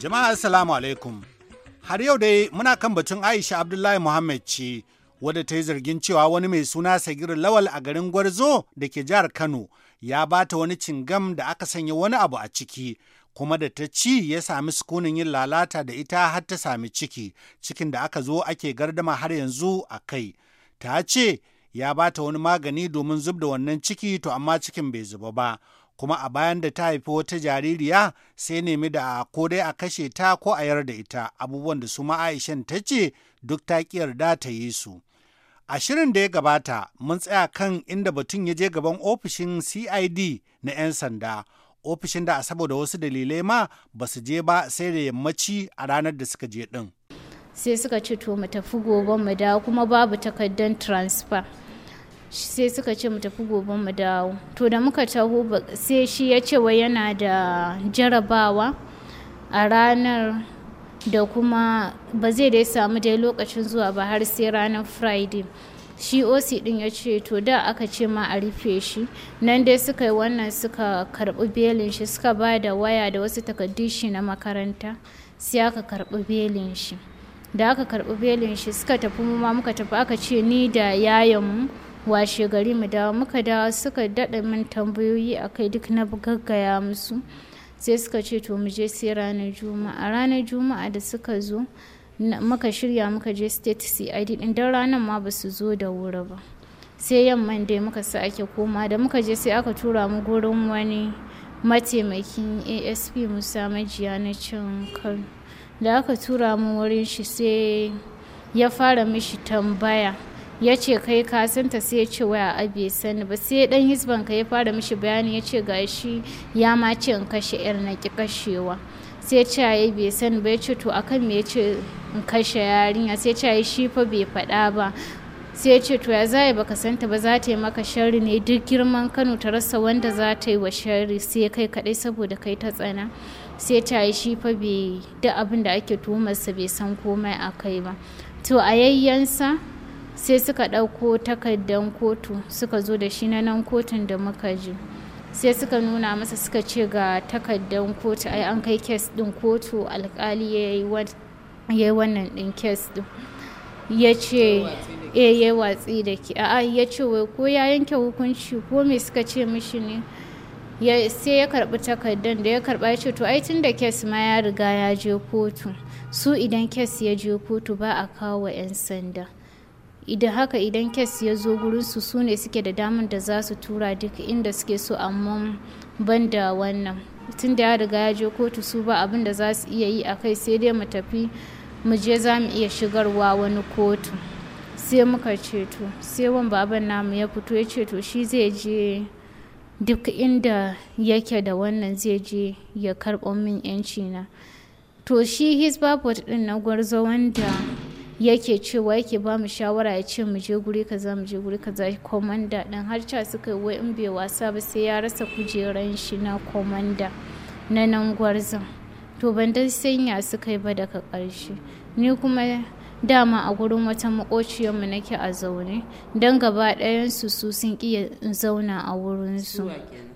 Jama'a Assalamu alaikum. Har yau dai muna kan batun Aisha Abdullahi Muhammad ce wadda ta yi zargin cewa wani mai suna Sagir Lawal a garin Gwarzo da ke jihar Kano ya bata wani cingam da aka sanya wani abu a ciki. kuma da ta ci ya sami sukunin yin lalata da ita har ta sami ciki cikin da aka zo ake gardama har yanzu a kai ta ce ya bata wani magani domin zub da wannan ciki to amma cikin bai zuba ba kuma a bayan da ta haifi wata jaririya sai nemi da ko dai a kashe ta ko a yarda ita abubuwan da su ma'aishan ta ce duk ta ki yarda ta yi su. A shirin da ya gabata mun tsaya kan inda batun ya je gaban ofishin CID na 'yan sanda. Ofishin da a saboda wasu dalilai ma ba su je ba sai da yammaci a ranar da suka je ɗin. Sai suka ce to mu tafi gobe mu da kuma babu takardar transfer. sai suka ce mu tafi gobe mu dawo to da muka taho sai shi ya ce wa yana da jarabawa a ranar da kuma ba zai dai samu dai lokacin zuwa ba har sai ranar friday shi oc din ya ce to da aka ce ma a rufe shi nan dai suka yi wannan suka karbi belin shi suka ba da waya da wasu takardun shi na makaranta sai aka karbi belin shi da aka karbi belin shi suka tafi mu ma muka tafi aka ce ni da yayan mu washe gari mu dawo muka dawo suka daɗa min tambayoyi a kai duk na gaggaya musu sai suka ce to mu je sai ranar juma'a ranar juma'a da suka zo muka shirya muka je state cid din don ranar ma ba su zo da wuri ba sai yamman dai muka sa sake koma da muka je sai aka tura mu gurin wani mataimakin asp musa majiya na cin kan da aka tura mu wurin shi sai ya fara mishi tambaya ya ce kai ka ta sai ya ce waya abe sani ba sai dan hisban ka ya fara mishi bayani ya ce gashi ya ma ce in kashe yar na ki kashewa sai ce ya bai sani ba ya ce to akan me ya ce in kashe yarinya sai ce shi fa bai faɗa ba sai ce to ya zai baka santa ba za ta yi maka shari ne duk girman kano ta rasa wanda za ta yi wa shari sai kai kadai saboda kai ta tsana sai ta yi shi fa bai da abin da ake tuhumarsa bai san komai a kai ba to a yayyansa sai suka ɗauko takardan kotu suka zo da shi na nan kotun da muka ji sai suka nuna masa suka ce ga takardan kotu ai an kai kes ɗin kotu alkali ya yi wannan ɗin kes ɗin ya ce ya watsi da ke eh, a ya ce wai ko ya yanke hukunci ko me suka ce mishi ne sai ya karbi takardar da ya karba ya ce to ai tun da kes ma ya riga ya je kotu su idan kes ya je kotu ba a kawo wa 'yan sanda idan haka idan kes ya zo gurinsu su ne suke da damar da za su tura duk inda suke so amma ban da wannan tun da ya riga ya je kotu su ba abin da za su iya yi a kai sai dai mu tafi mu je za mu iya shigarwa wani kotu sai muka ceto sai wan baban namu ya fito ya ceto shi zai je duk inda yake da wannan zai je ya karɓo min 'yanci na to shi his din na gwarzo wanda yake cewa yake ba mu shawara ya ce mu je guri kaza mu je guri kaza komanda din har ca suka wai in bai wasa ba sai ya rasa kujeran shi na komanda na nan gwarzon to ban dan sanya suka yi ba daga karshe ni kuma dama a gurin wata mu nake a zaune don gaba ɗayansu su sun iya zauna a wurinsu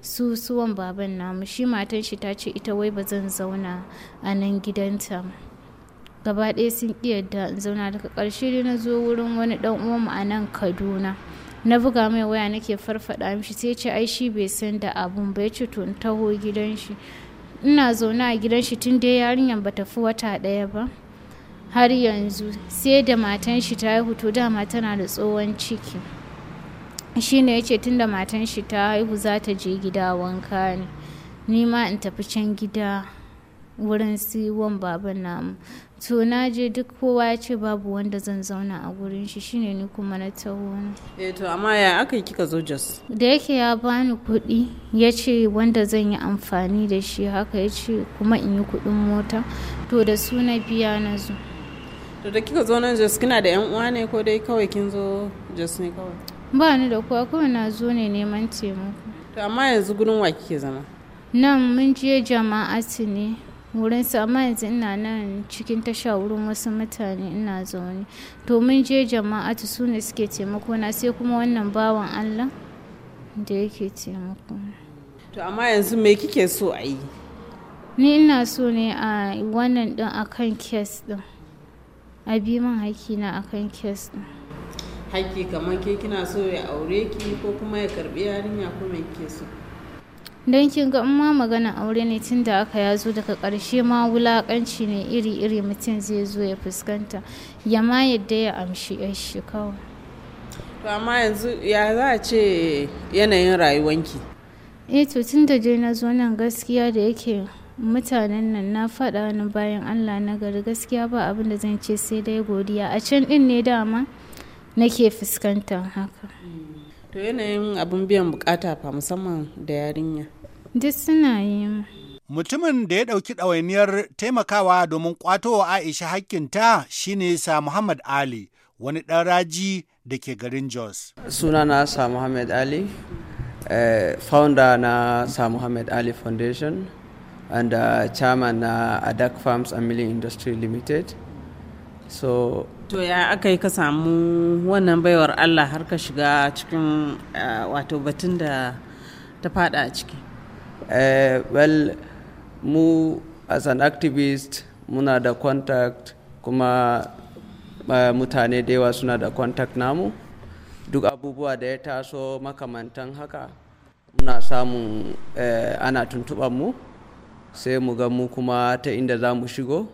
su suwan baban namu shi matan shi ta ce ita wai ba zan zauna a nan gidanta gaba ɗaya sun ƙi yadda zauna daga ƙarshe dai na zo wurin wani ɗan uwanmu a nan kaduna na buga mai waya nake farfaɗa mishi sai ce ai shi bai san da abun bai ce to in taho gidan shi ina zaune a gidan shi tun dai yarinyar ba tafi wata ɗaya ba har yanzu sai da matan shi ta haihu to dama tana da tsohon ciki shine ya ce tun da matan shi ta haihu za ta je gida wanka ne ni ma in tafi can gida wurin siwon baban namu to na je duk kowa ya ce babu wanda zan zauna a gurin shi shine ni kuma na taho eh to amma ya aka yi kika zo jos da yake ya bani kuɗi ya ce wanda zan yi amfani da shi haka ya ce kuma in yi kuɗin mota to da su na biya na zo to da kika zo nan jos kina da yan uwa ne ko dai kawai kin zo jos ne kawai ba ni da kowa kawai na zo ne neman taimako to amma yanzu gurin wa kike zama nan mun je jama'a ne wurin su amma yanzu ina nan cikin tasha wurin wasu mutane ina zaune to mun je jama'atu su ne suke taimako na sai kuma wannan bawan allah da yake taimako to amma yanzu me kike so a yi ni ina so ne a wannan din akan kes din a bi min haƙƙi na akan kes din haƙƙi kamar ke kina so ya aure ki ko kuma ya karbi yarinya ko me kike so don kin ga ma magana aure ne tun da aka yazo daga karshe ma wulakanci ne iri-iri mutum zai zo ya fuskanta ya ma yadda ya amshi shi kawai amma yanzu ya za a ce yanayin rayuwanki e to tun da dai na zo nan gaskiya da yake mutanen nan na faɗa wani bayan allah na gari gaskiya ba abin da zan ce sai dai godiya a can ɗin ne dama nake fuskantar haka mm. to yanayin abin biyan bukata fa musamman da yarinya duk suna yi mutumin da ya ɗauki ɗawainiyar taimakawa domin ƙwato aisha hakkinta shine sa muhammad ali wani ɗan raji da ke garin jos sunana sa muhammad ali eh, founder na sa muhammad ali foundation and eh, chairman na adak farms and milling industry limited so to ya aka yi ka samu wannan baiwar allah har ka shiga cikin eh, wato batun da ta fada a ciki eh, well mu as an activist muna da contact kuma uh, mutane da yawa suna da contact namu duk abubuwa da ya taso makamantan haka muna samun uh, ana tuntuɓar mu sai mu ga mu kuma ta inda za mu shigo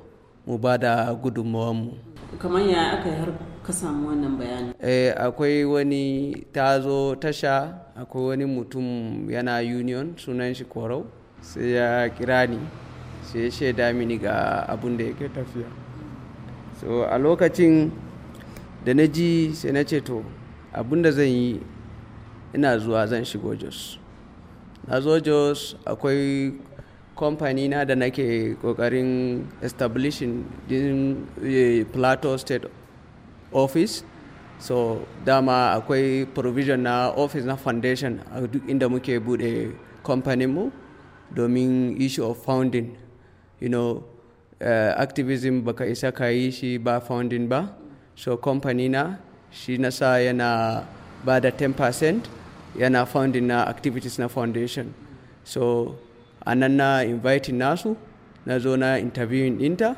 mu ba da gudunmawanmu kamar ya aka yi har ka samu wannan bayani eh akwai wani ta tasha akwai wani mutum yana union sunan shi korau sai ya kira ni sai ya shaida mini ga abun da yake tafiya so a lokacin da na ji sai na ce to abun da zan yi ina zuwa zan shigo jos na zo jos akwai kamfani na da nake kokarin establishing din eh, plateau state office so dama akwai provision na office na foundation a duk inda muke bude mu domin issue of founding you know uh, activism baka isa ka yi shi ba founding ba so kamfani na shi na sa yana ba da 10% yana founding na activities na foundation so a na invite nasu na zo na interviewing ɗinta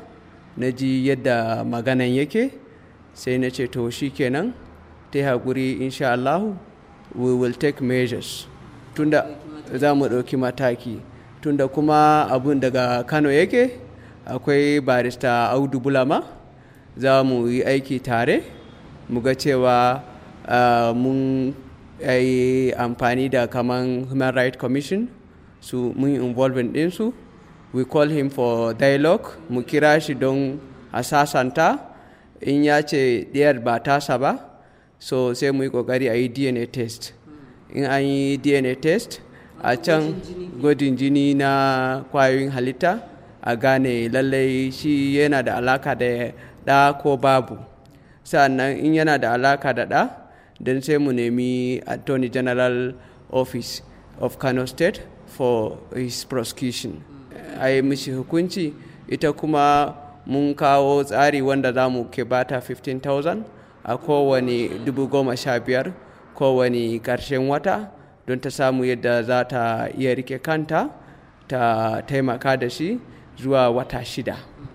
na ji yadda maganan yake sai na ce to shi kenan ta haƙuri insha Allah we will take measures tunda za mu ɗauki mataki tunda kuma abun daga kano yake akwai barista audu bulama za mu yi aiki tare mu ga cewa ah, mun yi amfani da kaman human rights commission su mun involvement ɗinsu we call him for dialogue mu kira shi don a sasanta in ya ce ɗiyar ba tasa ba so sai mu yi ƙoƙari a yi dna test in an yi dna test a can gwajin jini na kwayoyin halitta a gane lallai shi yana da alaka da ɗa ko babu sannan in yana da alaka da ɗa don sai mu nemi attorney general office of kano state for his prosecution mm. a yi mishi hukunci ita kuma mun kawo tsari wanda za mu ke bata 15,000 a kowane 15,000 kowane karshen wata don ta samu yadda za ta iya rike kanta ta taimaka da shi zuwa wata shida mm.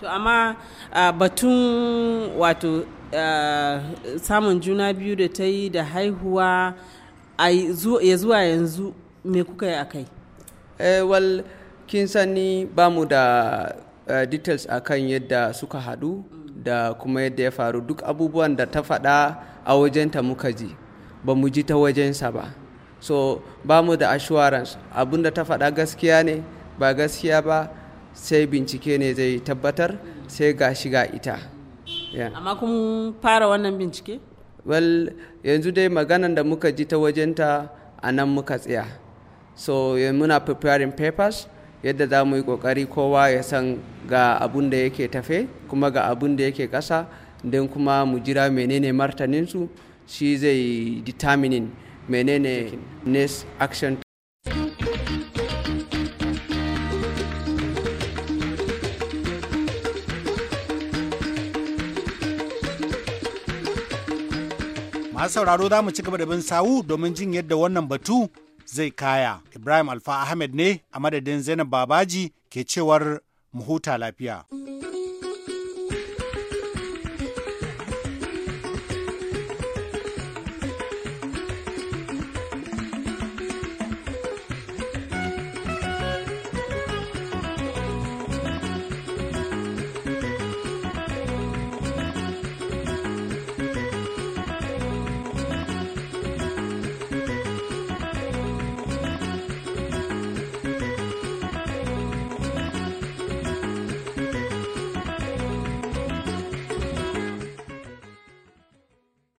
to amma batun wato samun juna biyu da ta yi da haihuwa ya zuwa yanzu me kuka yi a kai eh, well kin sani ba mu da uh, details akan yadda suka haɗu da kuma yadda ya faru duk abubuwan da ta faɗa a wajenta muka ji ba mu ji ta wajensa ba so ba mu da assurance da ta faɗa gaskiya ne ba gaskiya ba sai bincike ne zai tabbatar sai ga shiga ita amma kuma fara wannan bincike well yanzu dai maganan da muka ji ta wajenta a nan muka tsaya so eh, muna preparing papers yadda za mu yi kokari kowa ya san ga abun da yake tafe kuma ga abun da yake kasa don kuma mu jira menene martaninsu shi zai determining menene next action masu sauraro za mu ci gaba da bin sawu domin jin yadda wannan batu zai kaya. Ibrahim Alfa Ahmed ne a madadin Zainab Babaji ke cewar mu huta lafiya.